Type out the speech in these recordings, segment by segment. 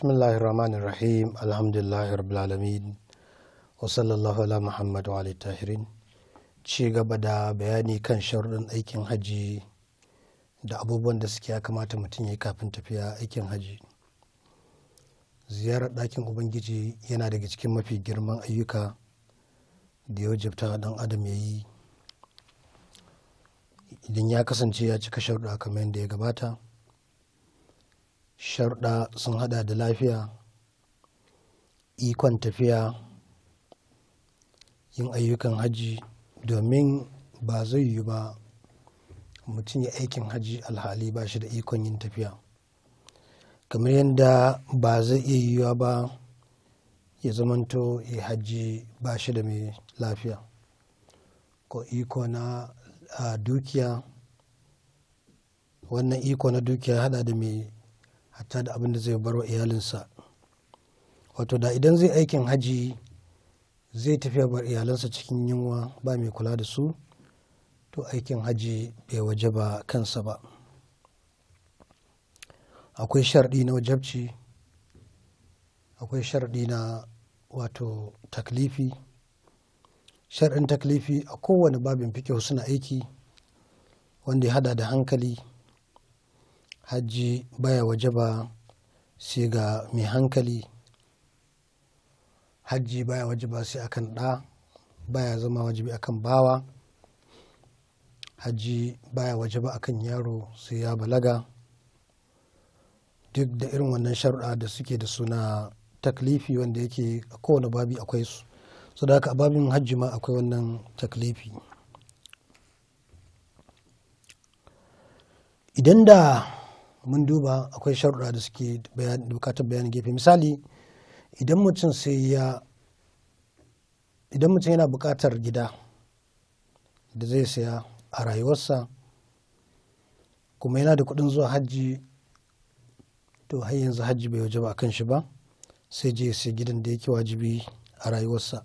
bismillahir rahmanir rahim alhamdulillahi rabbil alamin wa sallallahu ala muhammad wa ali tahirin ci gaba da bayani kan sharuɗin aikin haji da abubuwan da suke ya kamata mutum ya yi kafin tafiya aikin haji ziyarar ɗakin ubangiji yana daga cikin mafi girman ayyuka da ya wajabta ɗan adam ya yi idan ya kasance ya cika sharuɗa kamar yadda ya gabata sharɗa sun hada da lafiya ikon tafiya yin ayyukan hajji domin ba zai yi ba mutum ya aikin hajji alhali ba shi da ikon yin tafiya kamar yadda ba zai iya yiwuwa ba ya zamanto ya hajji ba shi da mai lafiya ko iko na dukiya wannan iko na dukiya hada da mai hatta da abin da zai bar wa iyalinsa wato da idan zai aikin haji zai tafiya bar iyalansa cikin yunwa ba mai kula da su to aikin haji bai waje ba kansa ba akwai sharɗi na wajabci akwai sharɗi na wato taklifi shar'in taklifi a kowane babin fikihu suna aiki wanda ya hada da hankali hajji baya waje ba sai ga mai hankali hajji baya waje ba sai akan ɗa baya zama wajibi akan bawa hajji baya waje ba akan yaro sai ya balaga duk da irin wannan sharuɗa da suke da suna taklifi wanda yake a kowane babi akwai su su da haka babin hajji ma akwai wannan taklifi idan da mun duba akwai sharuɗa da suke bukatar bayanin gefe misali idan mutum sai yana bukatar gida da zai saya a rayuwarsa kuma yana da kuɗin zuwa hajji to har yanzu hajji bai waje ba kan shi ba sai je sai gidan da yake wajibi a rayuwarsa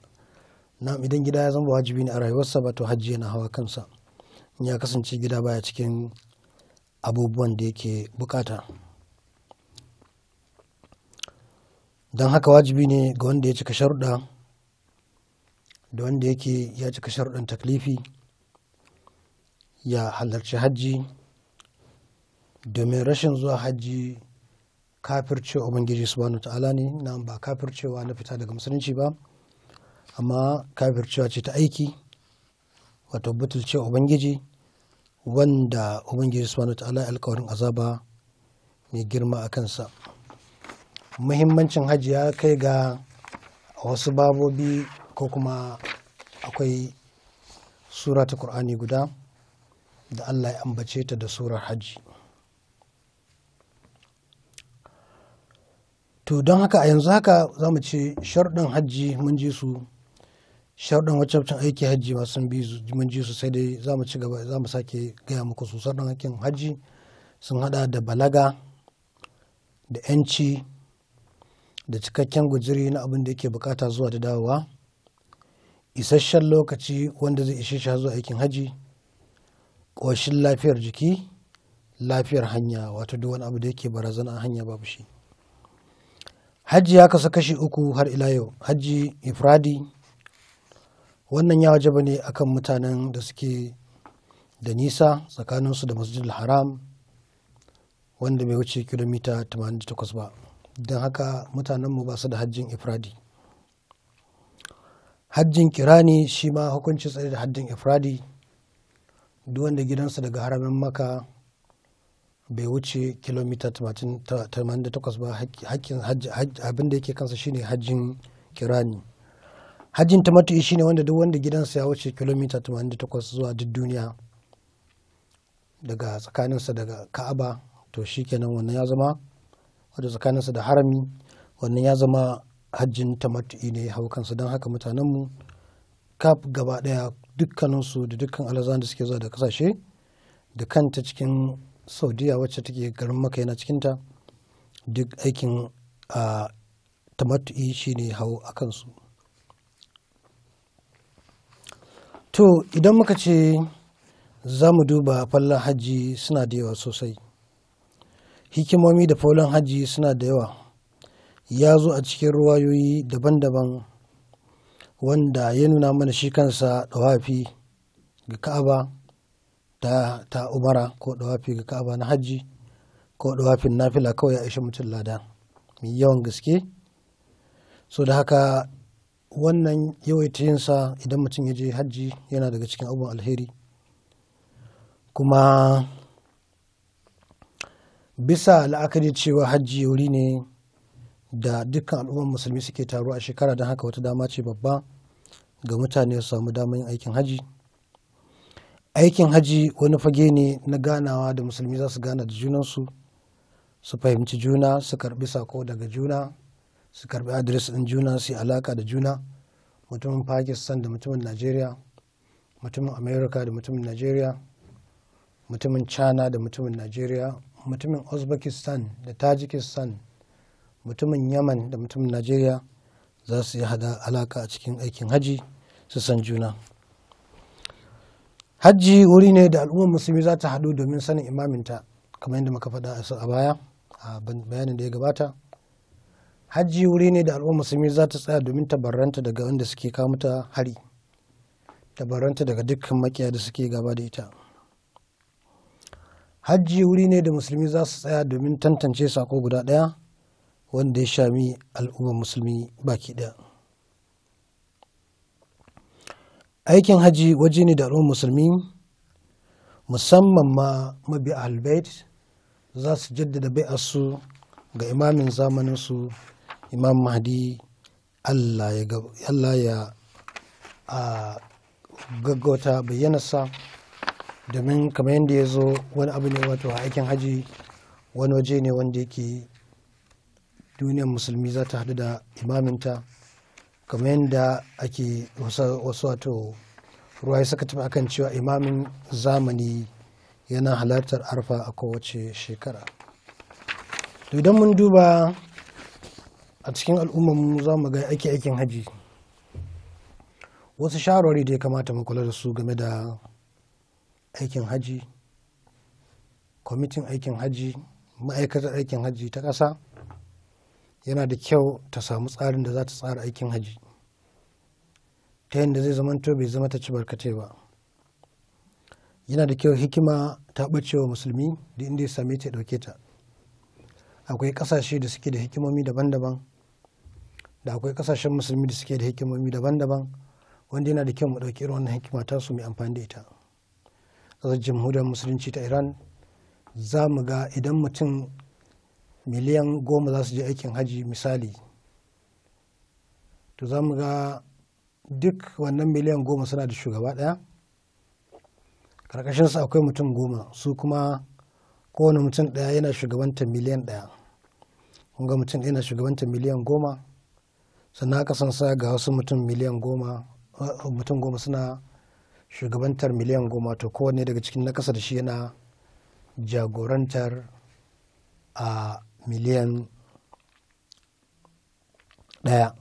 na idan gida ya zama wajibi ne a rayuwarsa ba to hajji yana hawa kansa in ya kasance gida baya cikin abubuwan da yake bukata don haka wajibi ne ga wanda ya cika sharuɗa da wanda yake ya cika sharuɗan taklifi ya halarci hajji domin rashin zuwa hajji kafircewa ubangiji subhanahu ta'ala ne na ba kafircewa na fita daga musulunci ba amma kafircewa ce ta aiki wato butulcewa ubangiji wanda ubangiji subhanahu ta'ala alkawarin azaba mai girma a kansa muhimmancin hajji ya kai ga wasu babobi ko kuma akwai sura ta Kur'ani guda da allah ya ambace ta da surar hajji to don haka a yanzu haka za mu ce sharɗin hajji mun ji su sharɗan wacce aikin hajji ma sun bi mun ji su sai dai za mu ci gaba za mu sake gaya muku su sharɗan aikin hajji sun haɗa da balaga da 'yanci da cikakken gujiri na abin da yake bukata zuwa da dawowa isasshen lokaci wanda zai ishe shi zuwa aikin hajji ƙoshin lafiyar jiki lafiyar hanya wato duk wani abu da yake barazana a hanya babu shi hajji ya kasu kashi uku har ila yau hajji ifradi wannan ya wajaba ne akan mutanen da suke da nisa tsakaninsu da masjidul haram wanda bai wuce kilomita 88 ba don haka mutanenmu ba su da hajjin ifradi hajjin kirani shi ma hukunci tsaye da hajjin ifradi duk wanda gidansa daga haramin maka bai wuce kilomita 88 ba abin da yake kansa shine hajjin kirani hajjin ta shi ne wanda duk wanda gidansa ya wuce kilomita 88 zuwa duk duniya daga tsakaninsa daga ka'aba to kenan wannan ya zama wadda tsakaninsa da harami wannan ya zama hajjin ta matu ne hau kansa don haka mutanenmu kaf gaba daya dukkaninsu da dukkan alazan da suke zuwa da kasashe da kanta cikin saudiya wacce take garin maka yana cikinta duk aikin a shi ne hau a kansu to idan muka ce za mu duba fallon hajji suna da yawa sosai hikimomi da fallon hajji suna da yawa ya zo a cikin ruwayoyi daban-daban wanda ya nuna mana shi kansa dawafi ga ka'aba ta, umara ko dawafi ga ka'aba na hajji ko dawafin nafila kawai a ishe mutum lada mai yawan gaske so da haka wannan yawaita yinsa idan mutum ya je hajji yana daga cikin abubuwan alheri kuma bisa la'akari cewa hajji wuri ne da dukkan al'umman musulmi suke taro a shekara don haka wata dama ce babba ga mutane su samu damar yin aikin hajji aikin hajji wani fage ne na ganawa da musulmi za su gana da junansu su fahimci juna su karbi sako daga juna su karbi adres ɗin juna su yi alaka da juna mutumin pakistan da mutumin nigeria mutumin america da mutumin nigeria mutumin china da mutumin nigeria mutumin uzbekistan da tajikistan mutumin yaman da mutumin nigeria za su yi hada alaka a cikin aikin haji su san juna hajji wuri ne da al'ummar musulmi za ta haɗu domin sanin imaminta kamar yadda muka faɗa a baya a bayanin da ya gabata hajji wuri ne da al'ummar musulmi za ta tsaya domin tabarranta daga wanda suke kawo mata hari tabarranta daga dukkan makiya da suke gaba da ita hajji wuri ne da musulmi za su tsaya domin tantance sako guda ɗaya wanda ya shami al'ummar musulmi baki ɗaya aikin hajji waje ne da al'ummar musulmi musamman ma mabi ahlbait za su jaddada bai'arsu ga imamin zamaninsu imam mahdi allah ya gaggauta bayyanarsa domin kamar yadda ya zo wani abu ne wato a aikin haji wani waje ne wanda yake duniyar musulmi za ta haɗu da imaminta kamar yadda ake wasu wato ya saka tafi akan cewa imamin zamani yana halartar arfa a kowace shekara idan mun duba a cikin al'ummar za mu ga aiki aikin haji wasu shawarwari da ya kamata mu kula da su game da aikin haji kwamitin aikin haji ma'aikatar aikin haji ta ƙasa yana da kyau ta samu tsarin da za ta tsara aikin haji ta yadda zai zamanto bai zama ta ci barkatai ba yana da kyau hikima ta ɓacewa musulmi da inda ya same ta ɗauke ta akwai ƙasashe da suke da hikimomi daban-daban da akwai kasashen musulmi da suke da hikimomi daban-daban wanda yana da kyau mu ɗauki irin wannan hikima ta su mai amfani da ita ƙasar jamhuriyar musulunci ta iran za mu ga idan mutum miliyan goma za su je aikin hajji misali to za mu ga duk wannan miliyan goma suna da shugaba ɗaya su akwai mutum goma su kuma kowane mutum ɗaya yana shugabanta miliyan ɗaya kun ga mutum yana shugabanta miliyan goma sannan aka san sa ga wasu mutum miliyan goma mutum goma suna shugabantar miliyan goma to kowanne daga cikin na kasa da shi yana jagorantar a miliyan ɗaya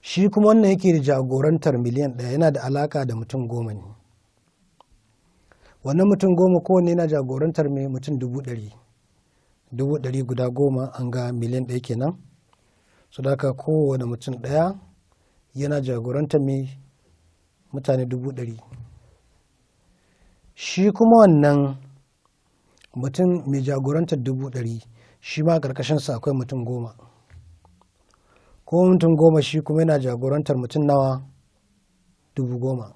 shi kuma wannan yake da jagorantar miliyan daya yana da alaka da mutum goma ne wannan mutum goma kowanne yana jagorantar mai mutum dubu ɗari dubu ɗari guda goma an ga miliyan ɗaya kenan sadaka kowane mutum ɗaya yana jagoranta mai mutane dubu ɗari shi kuma wannan mutum mai jagorantar dubu ɗari shi ma ƙarƙashinsa akwai mutum goma ko mutum goma shi kuma yana jagorantar mutum nawa dubu goma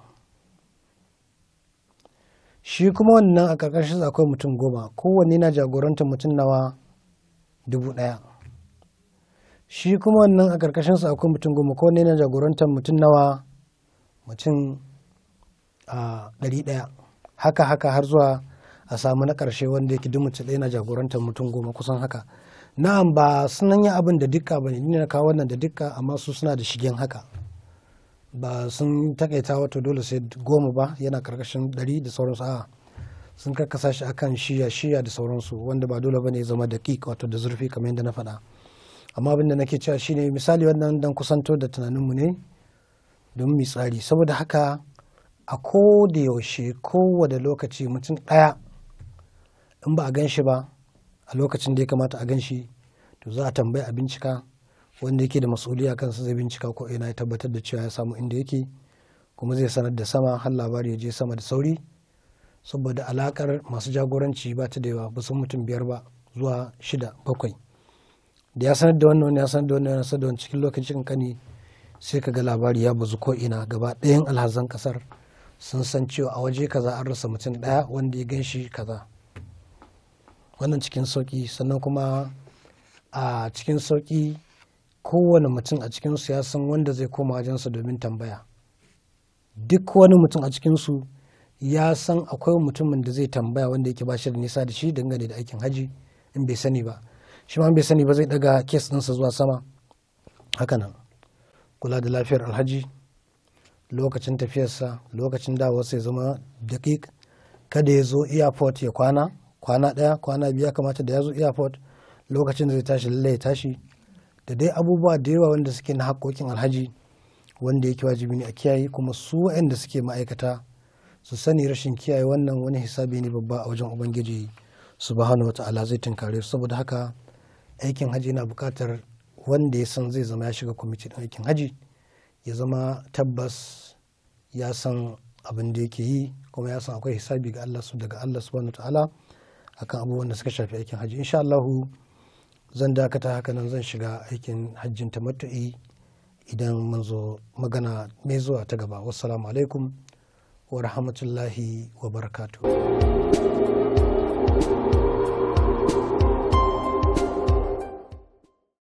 shi kuma wannan a ƙarƙashinsa akwai mutum goma kowanne yana jagorantar mutum nawa dubu ɗaya shi kuma wannan a ƙarƙashin su akwai mutum goma ko ne na jagorantar mutum nawa mutum a ɗari ɗaya haka haka har zuwa a samu na ƙarshe wanda yake duk mutum ɗaya na jagorantar mutum goma kusan haka na'am ba sunan yin abin da dukka ba ne ni na kawo wannan da dukka amma su suna da shigen haka ba sun takaita wato dole sai goma ba yana ƙarƙashin ɗari da sauransu a sun karkasa shi akan shiya shiya da sauransu wanda ba dole ba ne zama da wato da zurfi kamar yadda na faɗa. amma abin da nake cewa shine misali wannan dan kusanto da tunaninmu ne don mu tsari saboda haka a ko da yaushe kowane lokaci mutum ɗaya in ba a gan shi ba a lokacin da ya kamata a gan shi to za a tambaya a bincika wanda yake da mas'uliya kan zai bincika ko ina ya tabbatar da cewa ya samu inda yake kuma zai sanar da sama har labari ya je sama da sauri saboda alakar masu jagoranci ba ta da yawa ba mutum biyar ba zuwa shida bakwai da ya sanar da wannan ya sanar da wannan ya sanar da cikin lokacin kani sai ka ga labari ya bazu ko ina gaba ɗayan alhazan kasar sun san cewa a waje kaza an rasa mutum ɗaya wanda ya ganshi kaza wannan cikin sauki sannan kuma a cikin sauki kowane mutum a cikin su ya san wanda zai koma wajensa domin tambaya duk wani mutum a cikin su ya san akwai mutumin da zai tambaya wanda yake ba shi da nisa da shi dangane da aikin haji in bai sani ba shi ma bai sani ba zai daga kes ɗinsa zuwa sama hakanan kula da lafiyar alhaji lokacin tafiyarsa lokacin dawarsa ya zama daƙiƙ kada ya zo airport ya kwana kwana ɗaya kwana biya kamata da ya zo airport lokacin da zai tashi lallai ya tashi da dai abubuwa da yawa wanda suke na haƙoƙin alhaji wanda yake wajibi ne a kiyaye kuma su waɗanda suke ma'aikata su sani rashin kiyaye wannan wani hisabi ne babba a wajen ubangiji subhanahu wa ta'ala zai tunkare su saboda haka aikin haji na bukatar wanda ya san zai zama ya shiga kwamitin aikin haji ya zama tabbas ya san abin da yake yi kuma ya san akwai hisabi ga Allah su daga Allah subhanahu ta'ala akan abubuwan da suka shafi aikin haji insha Allah zan dakata haka nan zan shiga aikin hajjin tamattu'i idan mun zo magana mai zuwa ta gaba wassalamu alaikum wa rahmatullahi wa barakatuh